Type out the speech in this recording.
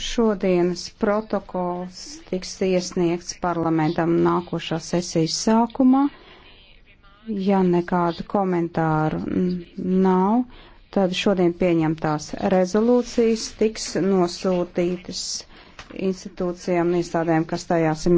Šodienas protokols tiks iesniegts parlamentam nākošā sesijas sākumā. Ja nekādu komentāru nav, tad šodien pieņemtās rezolūcijas tiks nosūtītas institūcijām un iestādēm, kas tajās ir.